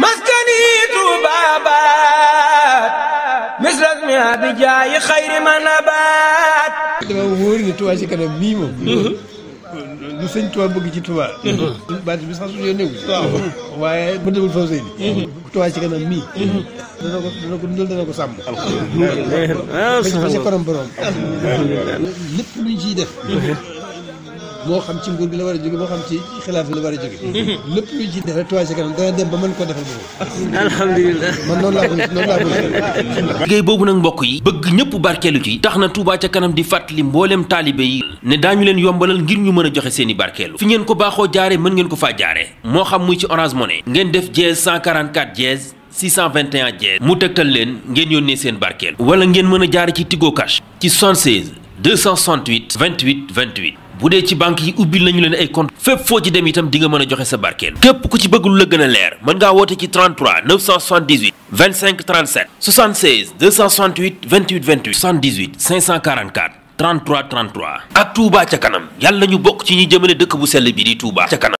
maskani Tuuba baat misras mi abijaayi xayri ma nabaat dama wóor ni Tuuba ci kanam mii moom mhm. lu sëñ Tuuba bëgg ci Tuuba mhm. baat bi sax suñu néew waaye ba demul faw sëy bi mhm. Tuuba ci kanam mii dana ko dana ko dundal dana ko sàmm ba ci ah, kanam borom lépp def moo xam ci nguur la war a jóge xam ci xilaaf war a jóge lépp luy ci def rek Touba ca kanam boobu nag mbokk yi bëgg ñëpp barkeelu ci tax na Touba ca kanam di fàttali mbooleem taalibe yi ne daañu leen yombalal ngir ñu mën a joxe seeni i barkeelu fi ngeen ko baaxoo jaaree mën ngeen ko faa jaare moo xam muy ci Orange Money ngeen def dièse 144 dièse 621 dièse mu tegtal leen ngeen yónnee seen barkeelu wala ngeen mën a jaare ci Tigo Cash ci 76 268 28 28 bu dee ci banque yi ubbil nañu leen ay compte fépp foo ci dem itam di mën a joxe sa barkeel képp ku ci bëgg lu la gën a leer mën ngaa woote ci 33 978 25 37 76 268 28 28 78 544 33 33 ak Touba ca kanam yàlla ñu bokk ci ñi jëmale dëkk bu sell bi di Touba ca kanam